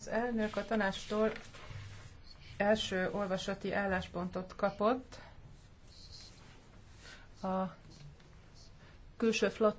Az elnök a tanástól első olvasati álláspontot kapott a külső flott